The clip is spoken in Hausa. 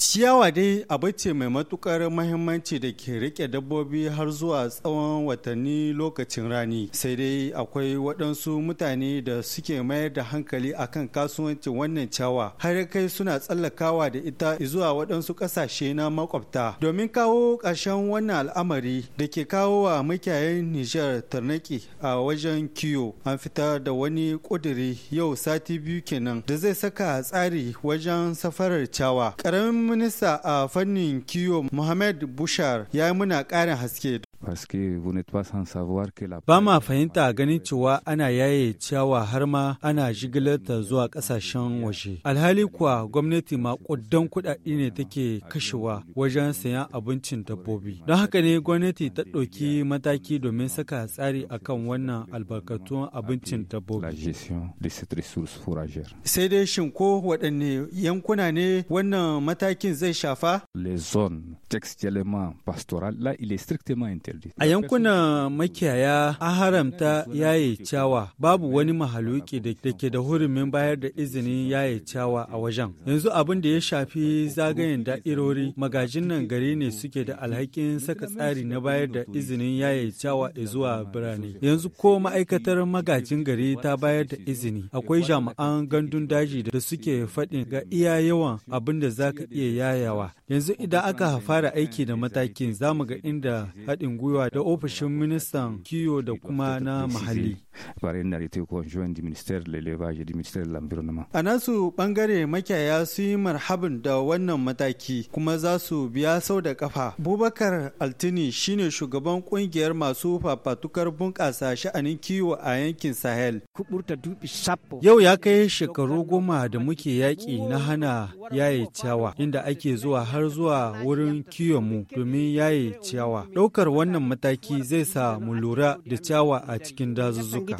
Ciyawa dai abu ce mai matukar mahimmanci da ke rike dabbobi har zuwa tsawon watanni lokacin rani. Sai dai akwai waɗansu mutane da suke mayar da hankali akan kasuwancin wannan ciyawa har kai suna tsallakawa da ita zuwa waɗansu ƙasashe na makwabta. Domin kawo ƙarshen wannan al'amari da ke kawo wa makiyayen Nijar tarnaki a wajen kiyo an fitar da wani ƙuduri yau sati biyu kenan da zai saka tsari wajen safarar ciyawa. Ƙaramin minista a fannin kiwo mohammed Bushar ya yi muna ƙarin haske. Ba ma fahimta ganin cewa ana yaye ciyawa har ma ana jigilarta zuwa ƙasashen waje. Alhali kuwa gwamnati ma maƙudan kuɗaɗe ne take kashewa wajen sayan abincin dabbobi. Don haka ne gwamnati ta ɗauki mataki domin saka tsari akan wannan albarkatun abincin dabbobi. Sai dai shin ko waɗanne yankuna ne wannan matakin zai shafa? Le zone textuellement pastorales, là, il est strictement A yankunan makiyaya a haramta yaye cawa babu wani mahaluki da ke da hurumin bayar da izinin yaye cawa a wajen. Yanzu abin da ya shafi zagayen da'irori magajin nan gari ne suke da alhakin saka tsari na bayar da izinin yaye da zuwa birane. Yanzu ko ma'aikatar magajin gari ta bayar da izini akwai jami'an gandun daji da suke faɗin ga iya yawan abin da za ka iya yayawa. Yanzu idan aka fara aiki da matakin za mu ga inda haɗin gwiwa da ofishin ministan kiwo da kuma na muhalli. A nasu bangare makiyaya su yi marhabin da wannan mataki kuma za su biya sau da kafa. Bubakar Altini shine shugaban kungiyar masu fafatukar bunƙasa sha'anin kiwo a yankin Sahel. Yau ya kai shekaru goma da muke yaƙi na hana yaye ciyawa inda ake zuwa har zuwa wurin kiwon mu domin yaye ciyawa. Ɗaukar wani Wannan mataki zai sa mu lura da ciyawa a cikin dazuzzuka.